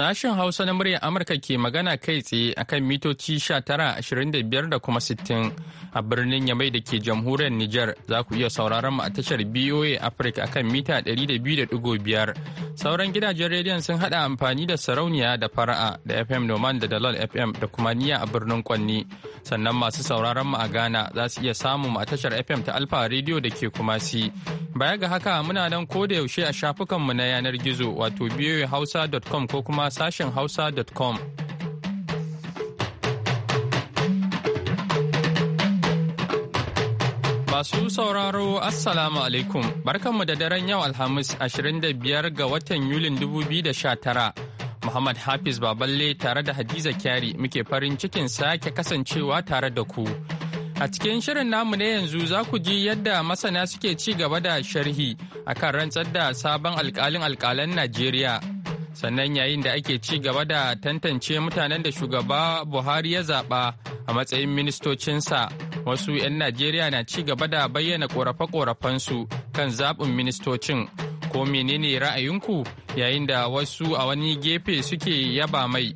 Sashen Hausa na muryar Amurka ke magana kai tsaye akan mitoci 1925 da kuma 60 a birnin Yamai da ke jamhuriyar Nijar za ku iya sauraron mu a tashar BOA Africa akan mita 200.5. Sauran gidajen rediyon sun hada amfani da sarauniya da fara'a da FM Noman da Dalal FM da kuma niya a birnin Kwanni. Sannan masu sauraron mu a Ghana za su iya samun a tashar FM ta Alfa Radio da ke Kumasi. Baya ga haka muna nan ko da yaushe a shafukanmu na yanar gizo wato hausa.com ko kuma sashen hausa.com. Masu sauraro Assalamu alaikum barkanmu da daren yau Alhamis 25 ga watan Yulin 2019. Muhammad Hafiz Baballe tare da Hadiza Kyari muke farin cikin sake kasancewa tare da ku. A cikin shirin namu na yanzu za ku ji yadda masana suke ci gaba da sharhi akan rantsar da sabon alkalin alkalan Najeriya. sannan yayin da ake ci gaba da tantance mutanen da shugaba buhari ya zaɓa a matsayin ministocinsa wasu 'yan najeriya na ci gaba da bayyana korafe-korafensu kan zaɓin ministocin ko menene ra'ayinku yayin da wasu a wani gefe suke yaba mai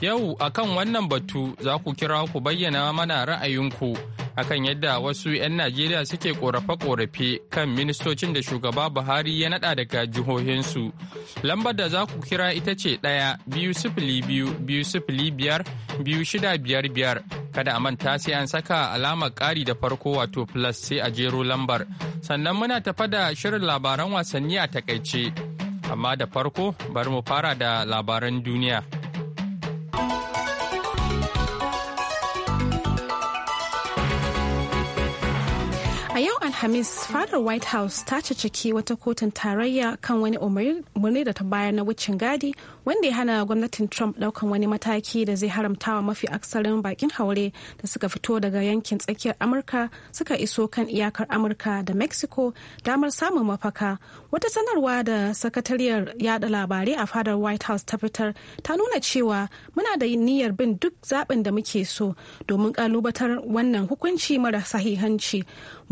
yau akan wannan batu za ku kira ku bayyana mana ra'ayinku akan yadda wasu 'yan Najeriya suke korafe-korafe kan ministocin da shugaba Buhari ya nada daga jihohinsu. Lambar da za ku kira ita ce ɗaya biyu sifili biyu biyu sifili biyar biyu shida biyar biyar. Kada a manta sai an saka alamar ƙari da farko wato plus sai a jero lambar. Sannan muna tafa da shirin labaran wasanni a takaice. Amma da farko bari mu fara da labaran duniya. Alhamis fadar White House ta caceki wata kotun tarayya kan wani umarni da ta bayar na wucin gadi wanda ya hana gwamnatin Trump daukan wani mataki da zai haramtawa mafi aksarin bakin haure da suka fito daga yankin tsakiyar Amurka suka iso kan iyakar Amurka da Mexico damar samun mafaka. Wata sanarwa da sakatariyar yada labarai a fadar White House ta fitar ta nuna cewa muna da niyyar bin duk zaɓin da muke so domin kalubatar wannan hukunci mara sahihanci.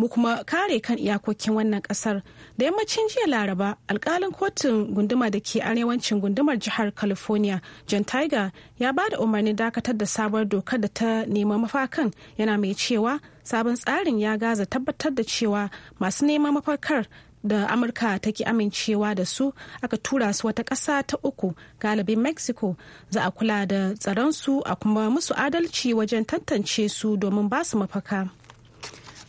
mu kuma kare kan iyakokin wannan kasar da yammacin jiya laraba alkalin kotun gunduma da ke arewacin gundumar jihar california john tiger ya ba da umarnin dakatar da sabuwar dokar da ta nema mafakan yana mai cewa sabon tsarin ya gaza tabbatar da cewa masu neman mafakar da amurka ta take amincewa da su aka tura su wata ƙasa ta uku galibin mexico za a kula da tsaronsu a kuma musu adalci wajen tantance su domin ba su mafaka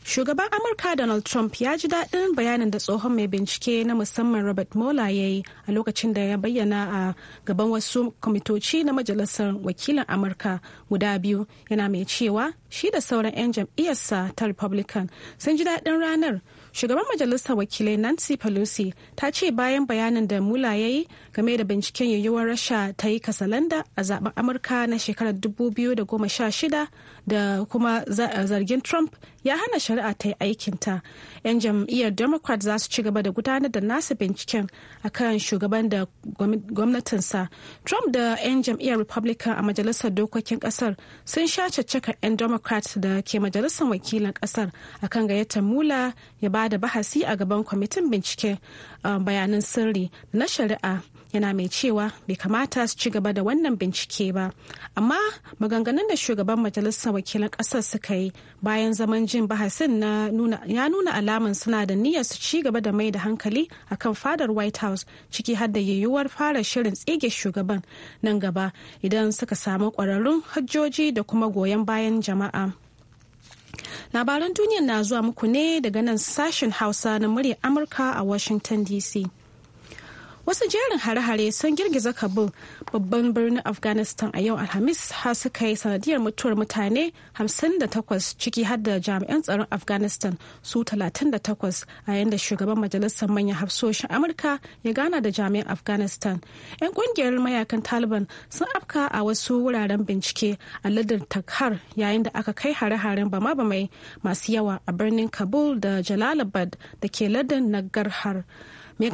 Shugaban Amurka Donald Trump ya ji daɗin bayanin da tsohon mai bincike na musamman Robert Mueller ya yi a lokacin da ya bayyana a gaban wasu kwamitoci na Majalisar Wakilan Amurka guda biyu yana mai cewa shi da sauran 'yan jam'iyyarsa ta Republican sun ji daɗin ranar. Shugaban Majalisar Wakilai Nancy Pelosi ta ce bayan bayanin da Mueller ya yi game da binciken yiwuwar rasha ta yi kasalanda a zaben amurka na shekarar 2016 da kuma zargin trump ya hana shari'a ta yi aikinta yan jam'iyyar democrat za su ci gaba da gudanar da nasa binciken akan shugaban da gwamnatinsa trump da yan jam'iyyar republican a majalisar dokokin kasar sun sha caccakar yan democrat da ke majalisar wakilin kasar akan gayyatar mula ya ba da bahasi a gaban kwamitin binciken um, bayanan sirri na shari'a yana mai cewa bai kamata su ci gaba da wannan bincike ba amma maganganun da shugaban majalisar wakilan ƙasar suka yi bayan zaman jin bahasin ya nuna alaman suna da niyyar su ci gaba da mai da hankali akan fadar white house ciki har da yiwuwar fara shirin tsige shugaban nan gaba idan suka samu kwararrun hajjoji da kuma goyon bayan jama'a. labaran duniya na zuwa muku ne daga nan sashen hausa na murya amurka a washington dc wasu jerin hare-hare sun girgiza kabul babban birnin afghanistan a yau alhamis har suka yi sanadiyar mutuwar mutane 58 ciki har da jami'an tsaron afghanistan su 38 a yayin da shugaban majalisar manyan hafsoshin amurka ya gana da jami'an afghanistan 'yan kungiyar mayakan taliban sun afka a wasu wuraren bincike a ladar takhar yayin da aka kai hare-haren bama-bamai masu yawa a birnin kabul da jalalabad da ke ladan nagarhar mai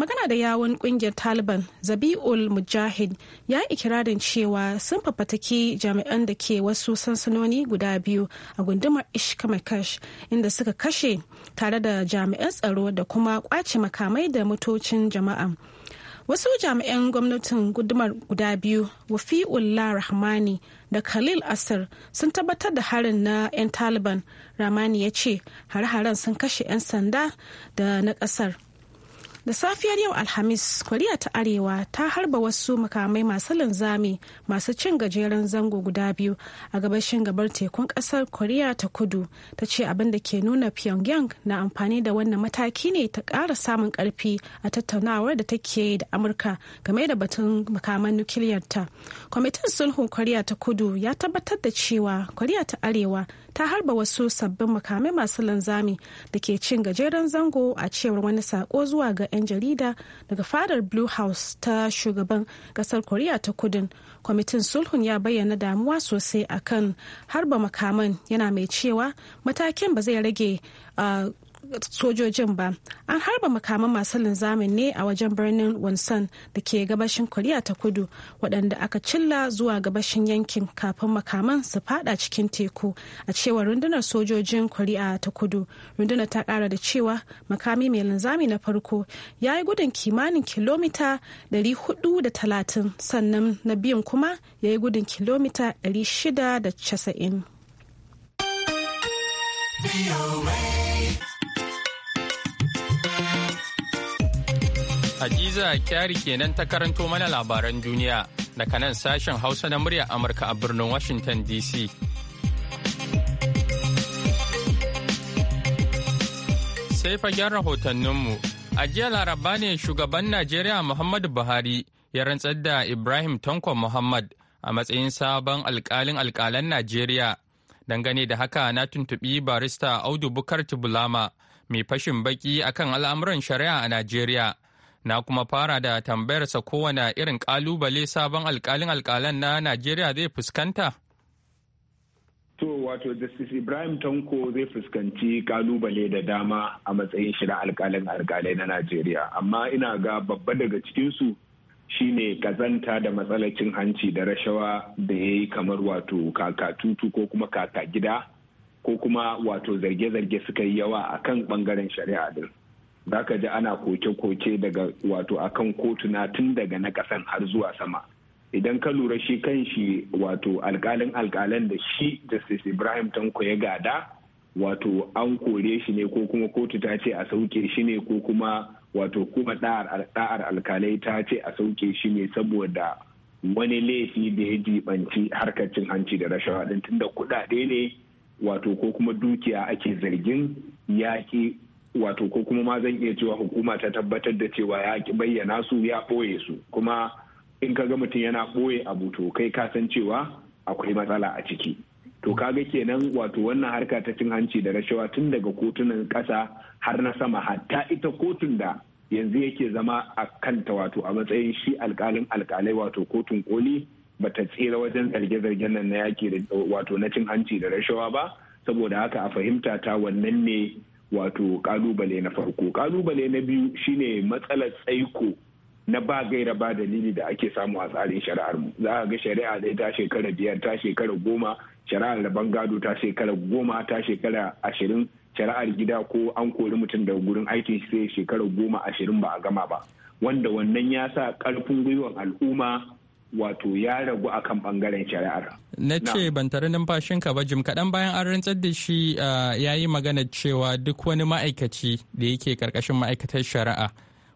magana da yawon kungiyar taliban zabi'ul mujahid ya yi ikirarin cewa sun fafataki jami'an da ke wasu sansanoni guda biyu a gundumar ishkamakash inda suka kashe tare da jami'an tsaro da kuma kwace makamai da motocin jama'a wasu jami'an gwamnatin gudumar guda biyu wafi'ullah rahmani da khalil asir sun tabbatar da harin na 'yan taliban rahmani ya ce hare-haren sun kashe 'yan sanda da na kasar da safiyar yau alhamis koriya ta arewa ta harba wasu makamai masu linzami masu cin gajeren zango guda biyu a gabashin gabar tekun kasar koriya ta kudu ta ce abin da ke nuna pyongyang na amfani da wannan mataki ne ta ƙara samun karfi a tattaunawar da take da amurka game da batun makaman nukiliyarta kwamitin sulhun koriya ta kudu ya tabbatar da cewa koriya ta arewa ta harba wasu sabbin makamai masu linzami da ke cin gajeren zango a cewar wani sako zuwa ga 'yan jarida daga fadar blue house ta shugaban kasar korea ta kudin kwamitin sulhun ya bayyana damuwa sosai akan harba makaman yana mai cewa matakin ba zai rage ah, sojojin ba an harba makaman masu linzamin ne a wajen birnin wonsan da ke gabashin koriya ta kudu waɗanda aka cilla zuwa gabashin yankin kafin makaman su fada cikin teku a cewar rundunar sojojin koriya ta kudu rundunar ta ƙara da cewa makami mai linzami na farko ya yi gudun kimanin kilomita 430 sannan na biyun kuma ya yi gudun kilomita 690. Hadiza Kyari kenan ta karanto mana labaran duniya daga nan sashen Hausa na murya Amurka a birnin Washington DC. Sai fagen rahotanninmu, a jiya laraba ne shugaban Najeriya Muhammadu Buhari ya rantsar da Ibrahim Tanko Muhammad a matsayin sabon alkalin alkalan Najeriya. Dangane da haka na tuntuɓi barista Audu Bukar Tibulama mai fashin baki akan al'amuran shari'a a Najeriya. Na kuma fara da tambayarsa kowane irin ƙalubale sabon alkalin alkalan na Najeriya zai fuskanta? To wato Justice Ibrahim Tanko zai fuskanci kalubale da dama a matsayin shi na alkalin alkalai na Najeriya. Amma ina ga babba daga cikinsu shine kazanta da matsalacin hanci da rashawa da ya yi kamar wato Kaka Tutu ko kuma kaka gida ko kuma wato zarge-zarge suka yi yawa a kan ɓangaren shari'a din. za ka ji ana koke-koke daga wato akan kotuna tun daga na kasan har zuwa sama idan ka lura shi kan shi wato alkalin alkalan da shi justice ibrahim tanko ya gada wato an kore shi ne ko kuma kotu ta ce a sauke shi ne ko kuma wato kuma da'ar alkalai ta ce a sauke shi ne saboda wani laifi da ya jibanci harkar cin hanci da rashawa din tunda kuɗaɗe ne wato ko kuma dukiya ake zargin yaƙi wato ko kuma ma zan iya cewa hukuma ta tabbatar da cewa ya ki bayyana su ya ɓoye su kuma in ka ga mutum yana ɓoye abu to kai ka san cewa akwai matsala a ciki to kaga kenan wato wannan harka ta cin hanci da rashawa tun daga kotunan ƙasa har na sama hatta ita kotun da yanzu yake zama a kanta wato a matsayin shi alkalin alkalai wato kotun koli bata tsira wajen zarge-zargen nan na yaki wato na cin hanci da rashawa ba saboda haka a fahimta ta wannan ne wato kalubale na farko kalubale na biyu shine matsalar tsaiko na ba gaira ba dalili da ake samu a tsarin shari'ar mu za a ga shari'a dai ta shekara biyar ta shekara goma shari'ar da bangado ta shekara goma ta shekara ashirin shari'ar gida ko an kori mutum daga gurin aikin shi sai shekara goma ashirin ba a gama ba wanda wannan ya sa karfin gwiwan al'umma wato ya ragu akan bangaren shari'ar. Na ce ban tare ka ba jim kaɗan bayan an rantsar da shi uh, ya yi magana cewa duk wani ma'aikaci da yake karkashin ma'aikatar shari'a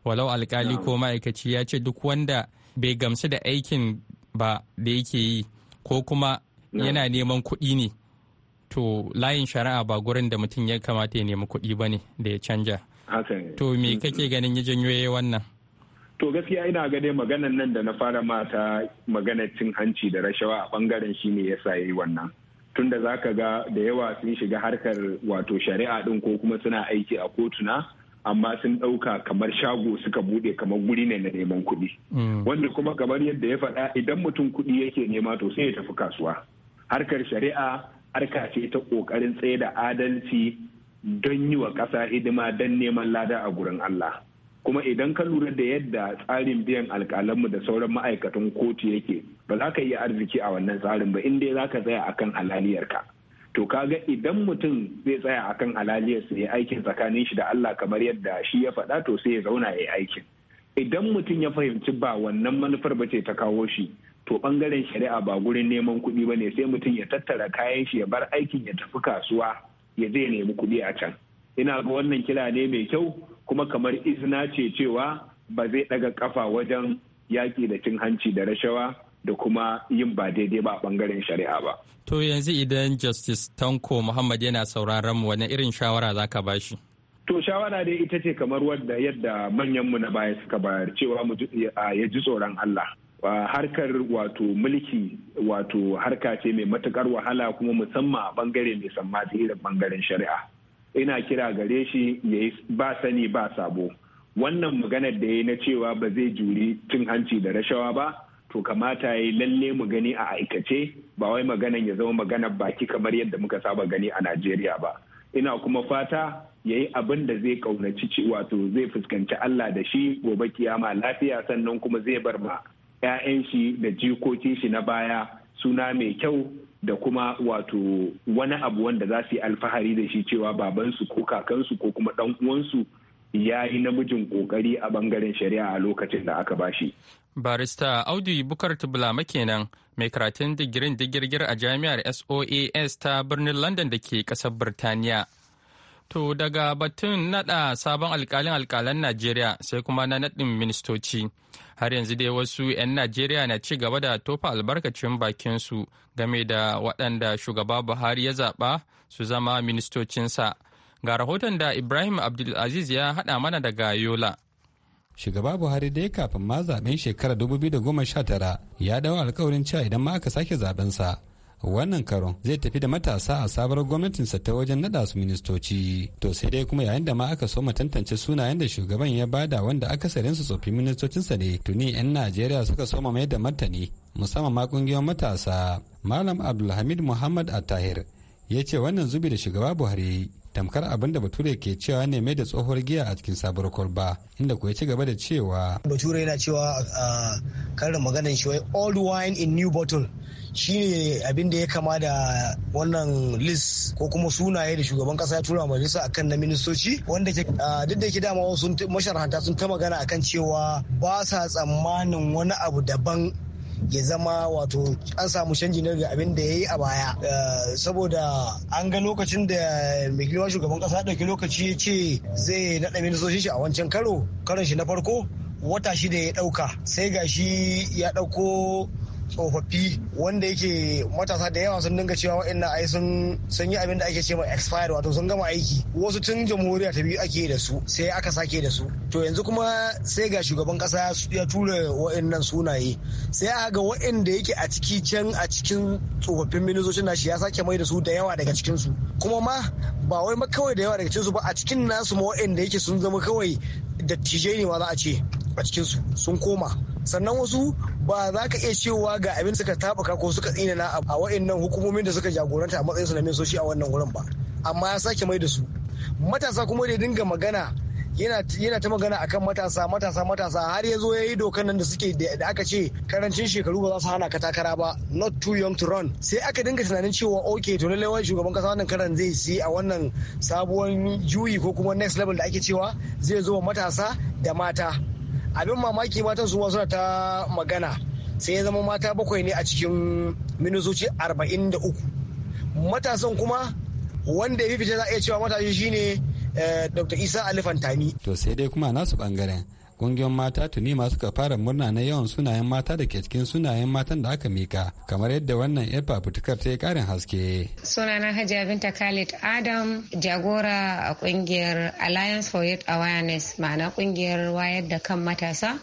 walau alkali ko ma'aikaci ya ce duk wanda bai gamsu da aikin ba da yake yi ko kuma yana neman kuɗi ne to layin shari'a ba gurin da mutum ya kamata ya nemi kuɗi ba ne da ya canja. To me kake ganin ya janyo wannan? To gaskiya ina gane maganan nan da na fara mata maganar cin hanci da rashawa a bangaren shi ne yasa yayi wannan. Tunda za ka ga da yawa sun shiga harkar wato shari'a din ko kuma suna aiki a kotuna amma sun ɗauka kamar shago suka buɗe kamar guri ne na neman kuɗi. Mm. Wanda kuma kamar yadda ya faɗa idan mutum kuɗi yake nema to sai ya tafi kasuwa. Harkar shari'a harka ce ta ƙoƙarin tsaye da adalci don yi wa ƙasa hidima don neman lada a gurin Allah. kuma idan ka lura da yadda tsarin biyan alkalanmu da sauran ma'aikatan kotu yake ba za ka iya arziki a wannan tsarin ba in za ka tsaya akan ka. to ka ga idan mutum zai tsaya akan su ya aikin tsakanin shi da Allah kamar yadda shi ya faɗa to sai ya zauna ya aikin idan mutum ya fahimci ba wannan manufar ba ce ta kawo shi to bangaren shari'a ba gurin neman kuɗi ba ne sai mutum ya tattara kayan shi ya bar aikin ya tafi kasuwa ya zai nemi kuɗi a can ina ga wannan kira ne mai kyau kuma kamar izina ce cewa ba zai daga kafa wajen yaƙi da cin hanci da rashawa da kuma yin ba daidai ba a bangaren shari'a ba. To yanzu idan Justice Tanko Muhammad yana sauraron mu wani irin shawara za ka bashi? To shawara dai ita ce kamar wadda yadda manyanmu na baya suka bayar cewa ya ji tsoron Allah. harkar wato mulki wato harka ce mai matukar wahala kuma musamman a bangare mai sammati irin bangaren shari'a ina kira gare shi ya yi ba sani ba sabo wannan maganar da ya na cewa ba zai juri cin hanci da rashawa ba to kamata ya yi lalle mu gani a aikace ba wai maganar ya zama maganar baki kamar yadda muka saba gani a najeriya ba ina kuma fata ya yi abin da zai kaunaci wato zai fuskanci allah da shi gobe kiyama lafiya sannan kuma zai bar ma 'ya'yan shi da jikokin shi na baya suna mai kyau da kuma wato wani abu wanda za su yi alfahari da shi cewa babansu ko kakansu ko kuma dan uwansu ya yi namijin kokari a bangaren shari'a a lokacin da aka bashi. Barista Audu Bukar Tubulama kenan mai karatun digirin digirgir a jami'ar SOAS ta birnin London da ke kasar Birtaniya. To daga batun nada sabon alkalin alkalan Najeriya sai kuma na nadin ministoci. Har yanzu dai wasu 'yan Najeriya na ci gaba da tofa albarkacin bakinsu game da waɗanda shugaba Buhari ya zaɓa su zama ministocinsa. Ga rahoton da Ibrahim Abdulaziz ya haɗa mana daga Yola. shugaba buhari dai kafin ma zaben shekarar 2019 ya dawo alkawarin cewa idan ma aka sake zabensa wannan karon zai tafi da matasa a sabar gwamnatinsa ta wajen nada su ministoci to sai dai kuma yayin da ma aka soma tantance sunayen da shugaban ya bada wanda aka akasarin su tsofi ministocinsa ne tuni 'yan najeriya suka soma mai da martani musamman ma kungiyar matasa malam abdulhamid muhammad atahir ya ce wannan zubi da shugaba buhari tamkar abin da bature ke cewa ne mai da tsohuwar giya a cikin sabuwar kwalba inda kuwa ci gaba da cewa bature yana cewa ah, karin maganar shi wai old wine in new bottle shine abin da ya kama da wannan list ko kuma sunaye da shugaban kasa ya tura majalisa a kan na ministoci wanda ah, duk da ke dama wasu masharhanta sun ta magana akan cewa ba sa tsammanin wani abu daban ya zama wato an samu canji na ga abin da ya yi a baya eh, saboda an ga lokacin da mai girma shugaban kasa ɗauki lokaci ya ce zai naɗa ministocin shi a wancan karo karon shi na farko wata shi da ya ɗauka sai gashi ya ɗauko tsofaffi wanda yake matasa da yawa sun dinga cewa waɗannan ai sun sun yi abin da ake cewa expired wato sun gama aiki wasu tun jamhuriya ta biyu ake da su sai aka sake da su to yanzu kuma sai ga shugaban kasa ya tura waɗannan sunaye sai aka ga waɗanda yake a ciki can a cikin tsofaffin ministocin shi ya sake mai da su da yawa daga cikin su kuma ma ba wai ma kawai da yawa daga cikin su ba a cikin nasu ma waɗanda yake sun zama kawai dattijai ne ma za a ce a cikinsu sun koma sannan wasu ba za ka iya cewa ga abin suka tabuka ko suka na a wa'annan hukumomin da suka jagoranta a matsayin su na minsoshi a wannan wurin ba amma ya sake mai da su matasa kuma da dinga magana yana ta magana akan matasa matasa matasa har ya zo ya yi dokan nan da suke da aka ce karancin shekaru ba za su hana katakara ba not too young to run sai aka dinga tunanin cewa ok to lallai wani shugaban kasa wannan karan zai si a wannan sabuwar juyi ko kuma next level da ake cewa zai zo matasa da mata abin mamaki matan su suna ta magana sai ya zama mata bakwai ne a cikin minisoci arba'in da uku matasan kuma wanda ya fi za a iya cewa matashi shine eh, dr isa alifantani to sai dai kuma nasu bangaren kungiyoyin mata tuni ma suka fara murna na yawan sunayen mata da ke cikin sunayen matan da aka mika kamar yadda wannan yar fafutukar ta yi karin haske sunana hajiya binta khalid adam jagora a kungiyar alliance for youth awareness ma'ana kungiyar wayar da kan matasa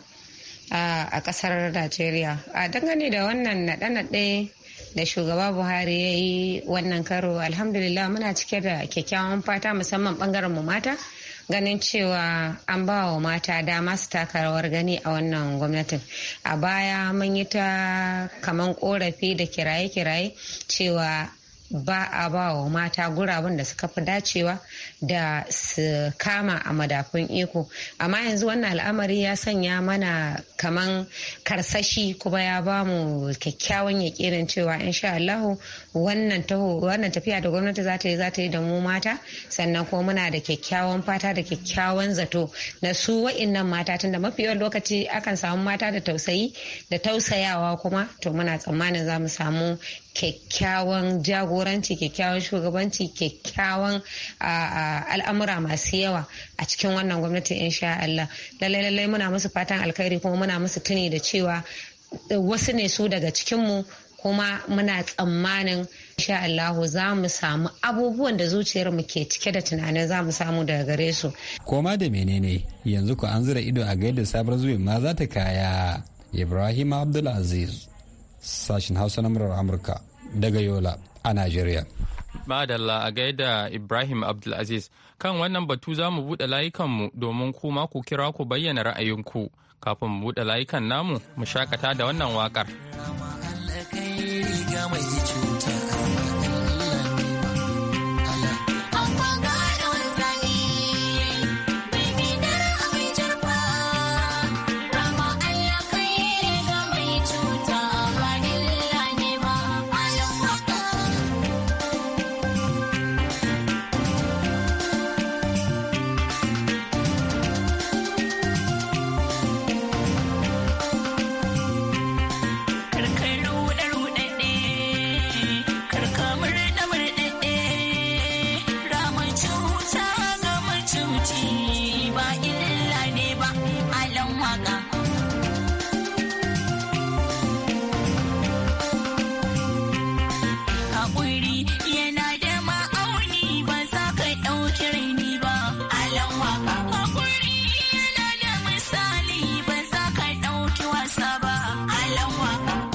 a kasar najeriya a dangane da wannan naɗe-naɗe da shugaba buhari ya yi wannan karo alhamdulillah muna cike da kyakkyawan fata musamman bangaren mu mata ganin cewa an ba wa mata dama su taka rawar gani a wannan gwamnatin a baya mun yi ta kaman korafi da kiraye-kiraye cewa ba a ba wa mata guraben da suka fi dacewa da su kama a madafun iko amma yanzu wannan al'amari ya sanya mana kaman karsashi kuma ya ba mu kyakkyawan yakirin cewa insha Allahu wannan wannan tafiya da gwamnati za ta yi za ta yi da mu mata sannan kuma muna da kyakkyawan fata da kyakkyawan zato na su wa'innan mata tunda mafi yawan lokaci akan samu mata da tausayi da tausayawa kuma to muna tsammanin za mu samu kyakkyawan jagoranci kyakkyawan shugabanci kyakkyawan al'amura masu yawa a cikin wannan gwamnati insha Allah lallai lalai muna musu fatan alkhairi kuma muna musu tuni da cewa wasu ne su daga cikinmu kuma muna tsammanin insha Allah za mu samu abubuwan da zuciyarmu ke cike da tunanin za mu samu daga gare su. Koma da menene yanzu ku an zura ido a gaida sabar zuwa ma za ta kaya. Ibrahim Abdulaziz sashen hausa na murar amurka daga yola a nigeria. madalla a gaida ibrahim abdulaziz kan wannan batu za mu buɗe layukanmu domin kuma ku kira ku bayyana ra'ayinku kafin mu buɗe layukan namu mu shakata da wannan waƙar.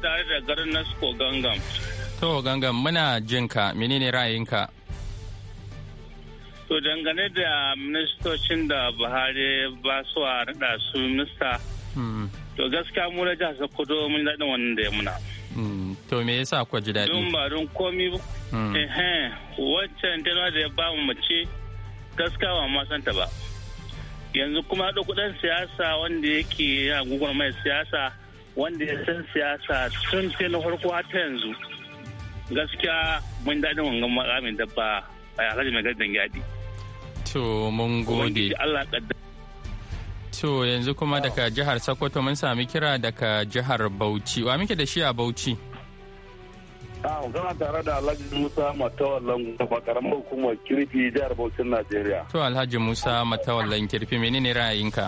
tare da garin Nasko Gangam. To Gangam muna jinka menene ra'ayinka? To dangane da ministocin da Buhari ba su a rada su mista. Hmm. To gaskiya mu na jihar Sokoto mun daɗin wannan da ya muna. Hmm. To me yasa ku ji daɗi? Don ba don komi hmm. waccan tana da ya ba mu mace gaskiya ba ma santa ba. Yanzu kuma haɗa kuɗin siyasa wanda yake yana gugun mai siyasa. wanda ya san siyasa tun ce na farko ta yanzu gaskiya mun daɗin wangan makamin dabba a alhaji mai gardin yadi. To mun gode. To yanzu kuma daga jihar Sokoto mun sami kira daga jihar Bauchi. Wa muke da shi a Bauchi? Ah, gana tare da Alhaji Musa Matawallan Gufa karamar hukumar kirfi jihar Bauchin Najeriya. To Alhaji Musa Matawallan kirfi menene ra'ayinka?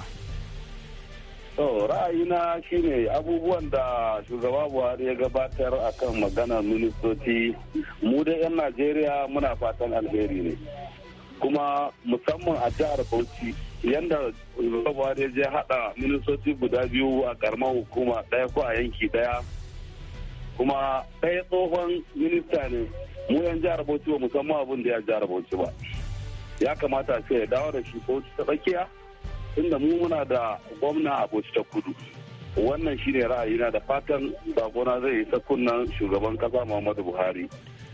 To ra'ayina shine abubuwan da shugaba Buhari ya gabatar a kan maganar ministoci mu da 'yan Najeriya muna fatan alheri ne. Kuma musamman a jihar Bauchi yadda shugaba Buhari je hada ministoci guda biyu a karamar hukuma daya ko a yanki daya Kuma daya tsohon minista ne mu yan jihar Bauchi ba musamman abin da ya jihar Bauchi ba. Ya kamata ce ya dawo da shi Bauchi ta tsakiya. tunda mu muna da gwamna a bauchi ta kudu wannan shine ra'ayina da fatan bakona zai yi kunnan shugaban kasa muhammadu buhari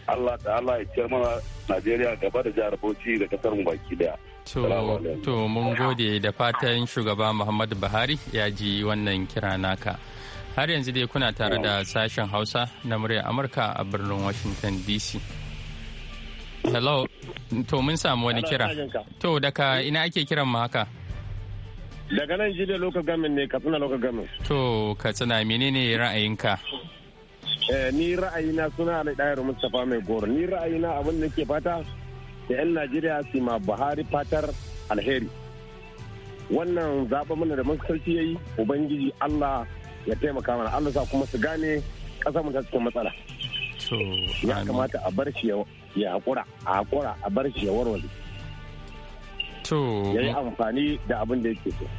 allah da allah ya ce mana najeriya gaba da jihar bauchi da kasar mu baki daya to mun gode da fatan shugaba muhammadu buhari ya ji wannan kira naka har yanzu dai kuna tare da sashen hausa na muryar amurka a birnin washington dc hello to mun samu wani kira to daga ina ake kiran mu haka Daga nan jide local government ne Katsina local government. To Katsina menene ra'ayinka? Eh, ni ra'ayina suna da ɗayar Mustapha Mai Goro. Ni ra'ayina abin da ke fata da 'yan Najeriya su ma Buhari fatar alheri. Wannan zaɓa mana da masarci ya yi Ubangiji Allah ya taimaka mana Allah sa kuma su gane ƙasar mu ta cikin matsala. Ya kamata a bar shi ya haƙura, a haƙura, a bar shi ya warware. to ya yi amfani da abin da yake so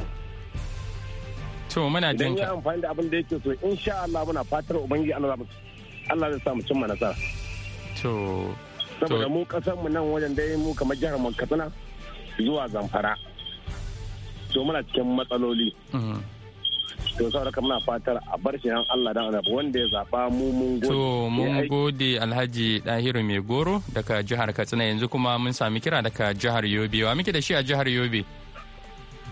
to muna jin ka yi amfani da abin da yake so insha Allah muna fatar ubangi Allah Allah zai sa mu cimma nasara to saboda mu kasar mu nan wajen dai mu kamar jihar Katsina zuwa Zamfara to muna cikin matsaloli mm-hmm. to saboda muna fatar a bar shi Allah dan annabi wanda ya zaba mu mun gode to mun gode Alhaji Dahiru mai goro daga jihar Katsina yanzu kuma mun sami kira daga jihar Yobe wa muke da shi a jihar Yobe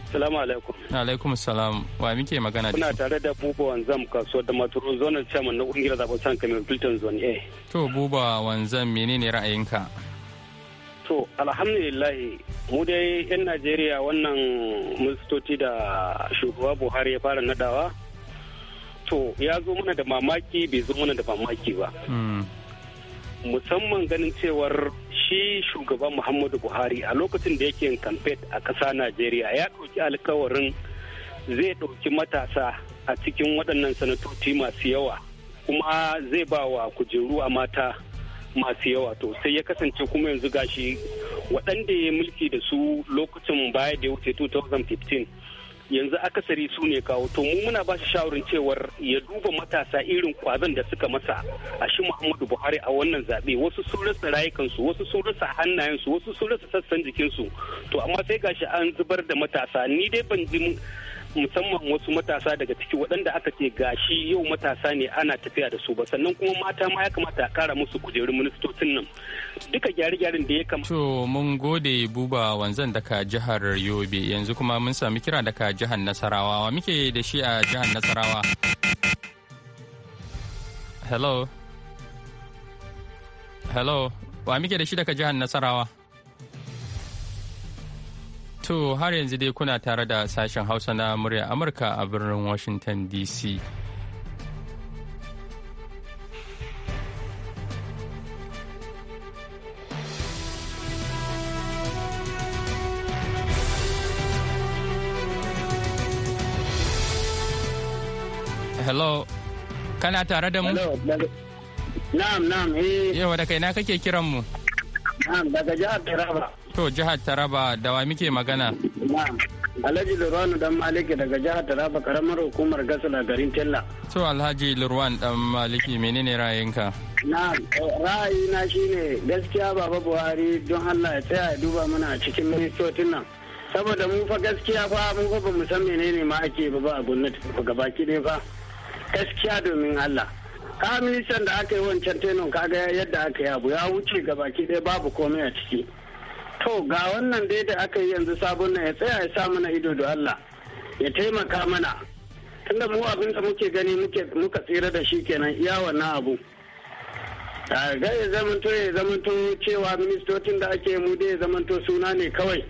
Assalamu alaikum. Alaikum salam. Wa muke magana da Kuna tare da Buba Wanzam kaso da Maturu zonar chairman na kungiyar zaben san Kamil Filton Zone A. To Buba Wanzam menene ra'ayinka? To, alhamdulillah mu dai 'yan Najeriya wannan ministoci da shugaba Buhari ya fara nadawa. To, ya zo mana da mamaki bai zo mana da mamaki ba. Hmm. Musamman ganin cewar shi shugaban Muhammadu Buhari a lokacin da yake kamfet a ƙasa Najeriya ya ɗauki alkawarin zai ɗauki matasa a cikin waɗannan sanatoci masu yawa kuma zai ba wa kujeru a mata masu yawa to sai ya kasance kuma yanzu gashi waɗanda ya mulki da su lokacin baya da ya wuce 2015 yanzu akasari su ne kawo to mu muna ba shi shawarin cewar ya duba matasa irin kwazon da suka masa a shi muhammadu buhari a wannan zaɓe wasu sun rasa rayukansu wasu sun rasa hannayensu wasu sun rasa sassan jikinsu to amma sai gashi an zubar da matasa ni dai ban ji musamman wasu matasa daga ciki waɗanda aka ce gashi yau matasa ne ana tafiya da su ba sannan kuma mata ma ya kamata a kara musu kujerun ministocin nan duka gyare-gyaren da ya kamata. To mun gode buba wanzan daga jihar Yobe yanzu kuma mun sami kira daga jihar Nasarawa wa muke da shi a jihar Nasarawa. Hello. Hello. Wa muke da shi daga jihar Nasarawa? To har yanzu dai kuna tare da sashen Hausa na murya Amurka a birnin Washington DC. Hello, kana tare da mu? Na'am, na'am, eh. Yawa da kai na kake kiran mu? Na'am, daga jihar Taraba. To jihar Taraba da wa muke magana? Alhaji Lurwan dan Maliki daga jihar Taraba karamar hukumar Gasala garin Tella. To Alhaji Lurwan dan Maliki menene ra'ayinka? Na ra'ayi ra'ayina shine gaskiya Baba Buhari don Allah ya tsaya ya duba mana a cikin ministocin nan. Saboda mu fa gaskiya fa mun fa bamu san menene ma ake ba ba a gwamnati ga baki ne fa. Gaskiya domin Allah. Ka ministan da aka yi wancan tenon kaga yadda aka yi abu ya wuce gabaki ɗaya babu komai a ciki. to ga wannan dai da aka yi yanzu sabon nan ya tsaya ya sa mana ido da Allah ya taimaka mana tunda mu abin da muke gani muka tsira da shi kenan iya wannan abu ga ya zamanto ya zamanto cewa ministocin da ake mu dai ya zamanto suna ne kawai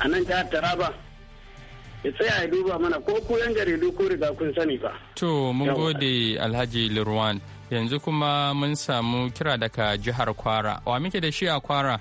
a nan jihar taraba ya tsaya ya duba mana ko ku yan jaridu ko riga kun sani ba to mun gode alhaji lirwan yanzu kuma mun samu kira daga jihar kwara wa muke da shi a kwara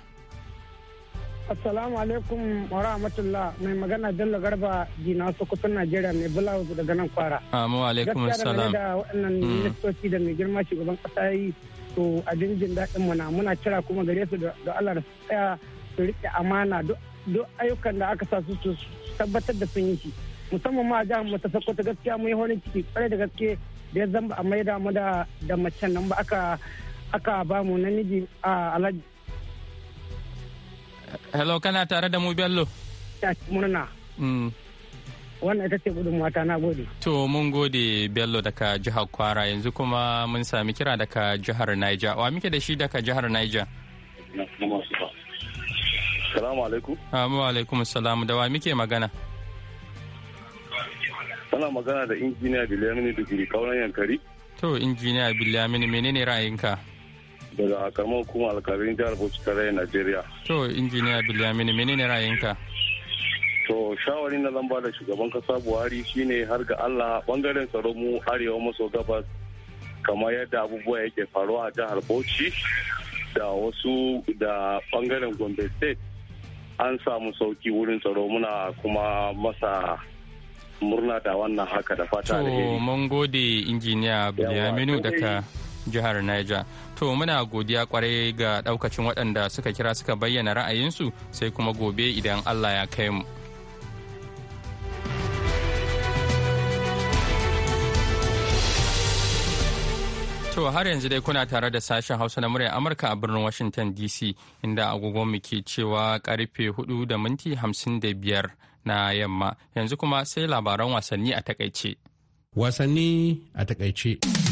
Assalamu alaikum wa rahmatullah mai magana Bello Garba Jina Sokoton Najeriya mai bulawu daga nan kwara. Amu ah, alaikum salam. Gaskiya da waɗannan mm. ministoci da mai girma shugaban ƙasa yi to a jinjin daɗin mu na muna kira kuma gare su da Allah da tsaya su riƙe amana duk ayyukan da aka sa su su tabbatar da sun yi shi. Musamman ma a jihar mu ta Sokoto gaskiya mu yi horin ciki kwarai da gaske da ya zamba a maida mu da macen nan ba aka aka ba mu namiji a alhaji hello kana tare da mu bello ci murna mm. wannan ita ce gudun mata na gode to mun gode bello daga jihar kwara yanzu kuma mun sami kira daga jihar niger wa muke da shi daga jihar niger salamu alaikum ah, wa alaikum salamu da wa muke magana ana magana da injiniya bilamini digiri kaunan yankari to injiniya mini menene ra'ayinka daga karamar hukumar alkarin jihar bauchi tarayyar najeriya to injiniya bilyamini menene ra'ayinka to shawari na zan ba da shugaban kasa buhari shine har ga allah bangaren tsaro mu arewa maso gabas kamar yadda abubuwa yake faruwa a jihar bauchi da wasu da bangaren gombe state an samu sauki wurin tsaro muna kuma masa murna da wannan haka da fata da mun gode injiniya bilyaminu daga jihar Niger. To muna godiya kwarai ga daukacin waɗanda suka kira suka bayyana ra'ayinsu sai kuma gobe idan Allah ya kai mu. To har yanzu dai kuna tare da sashen Hausa na murya Amurka a birnin Washington DC inda agogo muke cewa karfe 4 da minti 55 na yamma yanzu kuma sai labaran wasanni a takaice. Wasanni a takaice.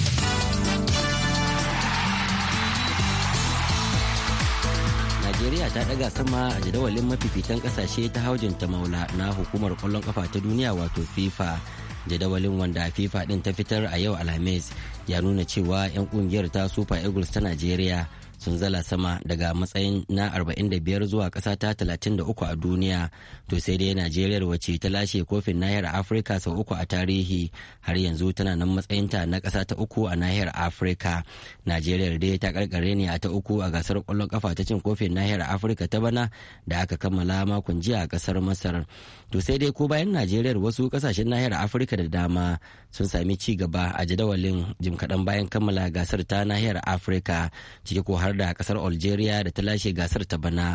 ta ɗaga sama a jadawalin mafifitan kasashe ta haujin ta maula na hukumar kwallon ƙafa ta duniya wato fifa jadawalin wanda fifa ɗin ta fitar a yau alhamis ya nuna cewa 'yan ƙungiyar ta super eagles ta nigeria. sun zala sama daga matsayin na 45 zuwa ƙasa ta 33 a duniya to sai dai najeriya wacce ta lashe kofin nahiyar afirka sau uku a tarihi har yanzu tana nan matsayinta na ƙasa ta uku a nahiyar afirka najeriya dai ta karkare ne a ta uku a gasar kwallon kafa ta cin kofin nahiyar afirka ta bana da aka kammala makon jiya a ƙasar masar to sai dai ko bayan najeriya wasu ƙasashen nahiyar afirka da dama sun sami ci gaba a jadawalin jim kaɗan bayan kammala gasar ta nahiyar afirka cike ko har har da kasar algeria da ta lashe gasar ta bana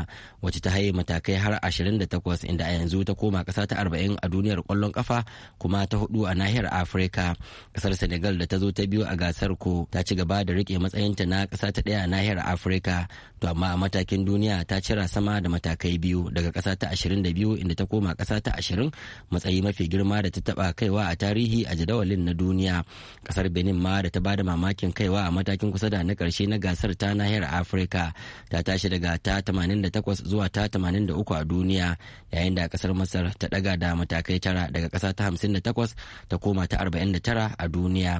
wacce ta haye matakai har 28 inda a yanzu ta koma kasa ta 40 a duniyar kwallon kafa kuma ta hudu a nahiyar afirka kasar senegal da ta zo ta biyu a gasar ko ta ci gaba da rike matsayinta na kasa ta daya a nahiyar afirka to amma a matakin duniya ta cira sama da matakai biyu daga kasa ta 22 inda ta koma kasa ta 20 matsayi mafi girma da ta taba kaiwa a tarihi a jadawalin na duniya kasar benin ma da ta bada mamakin kaiwa a matakin kusa da na karshe na gasar ta nahiyar nahiyar afirka ta tashi daga ta 88 zuwa ta 83 a duniya yayin da kasar masar ta daga da matakai tara daga kasa ta 58 ta koma ta 49 a duniya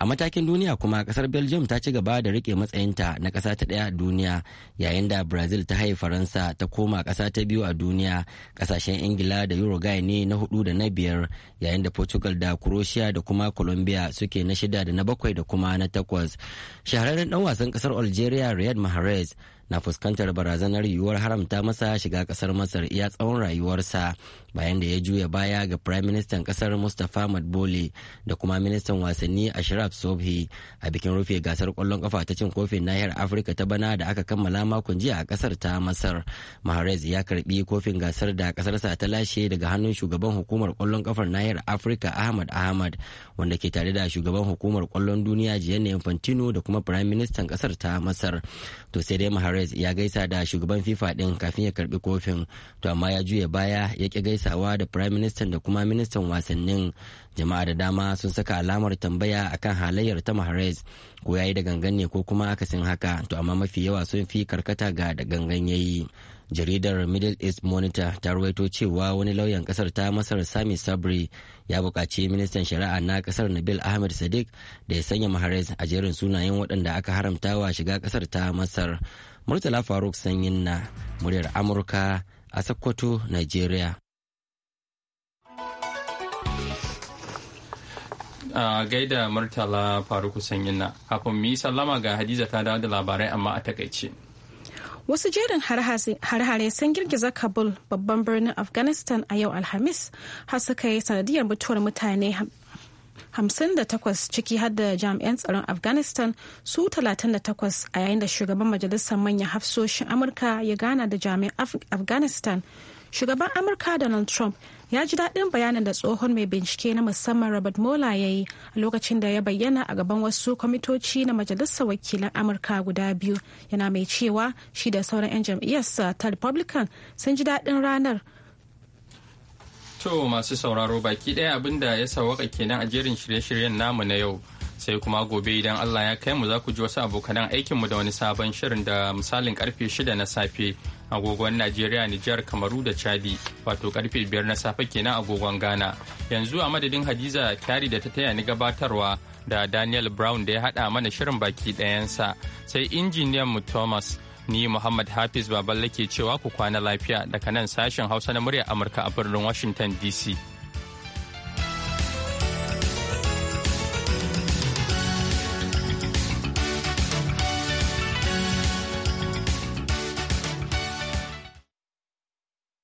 a matakin duniya kuma kasar belgium ta ci gaba da rike matsayinta na kasa ta daya a duniya yayin da brazil ta haifa faransa ta koma kasa ta biyu a duniya kasashen ingila da uruguay ne na hudu da na biyar yayin da portugal da croatia da kuma colombia suke na shida da na bakwai da kuma na takwas shahararren dan wasan kasar algeria Riyad Mahrez na fuskantar barazanar yiwuwar haramta masa shiga kasar masar iya tsawon rayuwarsa bayan da ya juya baya ga prime minister kasar mustapha madbole da kuma ministan wasanni ashraf sobhi a bikin rufe gasar kwallon kafa ta cin kofin nahiyar afirka ta bana da aka kammala makon jiya a kasar ta masar mahrez ya karbi kofin gasar da kasarsa ta lashe daga hannun shugaban hukumar kwallon kafar nahiyar afirka ahmad ahmad wanda ke tare da shugaban hukumar kwallon duniya gianni infantino da kuma prime minister kasar ta masar to sai dai mahrez Suarez ya gaisa da shugaban FIFA din kafin ya karbi kofin to amma ya juya baya ya ki gaisawa da Prime Minister da kuma ministan wasannin jama'a da dama sun saka alamar tambaya akan halayyar ta Mahrez ko yayi da gangan ne ko kuma akasin haka to amma mafi yawa sun fi karkata ga da gangan yayi. jaridar middle east monitor ta ruwaito cewa wani lauyan kasar ta masar sami sabri ya buƙaci ministan shari'a na kasar nabil ahmed sadiq da ya sanya maharis a jerin sunayen waɗanda aka haramta wa shiga kasar ta masar murtala faruk sanyin na muryar amurka a sokoto nigeria a gaida murtala faruk sanyin na kafin mu yi sallama ga hadiza ta dawo da labarai amma a takaice. wasu jerin har-hare sun girgiza kabul babban birnin afghanistan a yau alhamis har suka yi sanadiyar mutuwar mutane 58 ciki har da jami'an tsaron afghanistan su 38 a yayin da shugaban majalisar manyan hafsoshin amurka ya gana da jami'an afghanistan shugaban amurka donald trump ya ji daɗin bayanin da tsohon mai bincike na musamman robert mola ya yi a lokacin da ya bayyana a gaban wasu kwamitoci na majalisar wakilan amurka guda biyu yana mai cewa shi da sauran 'yan jam'iyyarsa ta republican sun ji daɗin ranar to masu sauraro baki ɗaya abin da ya sauwaka kenan a jerin shirye-shiryen namu na yau sai kuma gobe idan allah ya kai mu za ku ji wasu abokanan mu da wani sabon shirin da misalin karfe shida na safe agogon Najeriya, Nijar, Kamaru da Chadi, wato karfe biyar na safe kenan agogon Ghana. Yanzu a madadin Hadiza Kyari da ta taya ni gabatarwa da Daniel Brown da ya haɗa mana shirin baki ɗayansa, sai injiniyan mu Thomas. Ni Muhammad Hafiz Baballe ke cewa ku kwana lafiya daga nan sashen Hausa na murya Amurka a birnin Washington DC.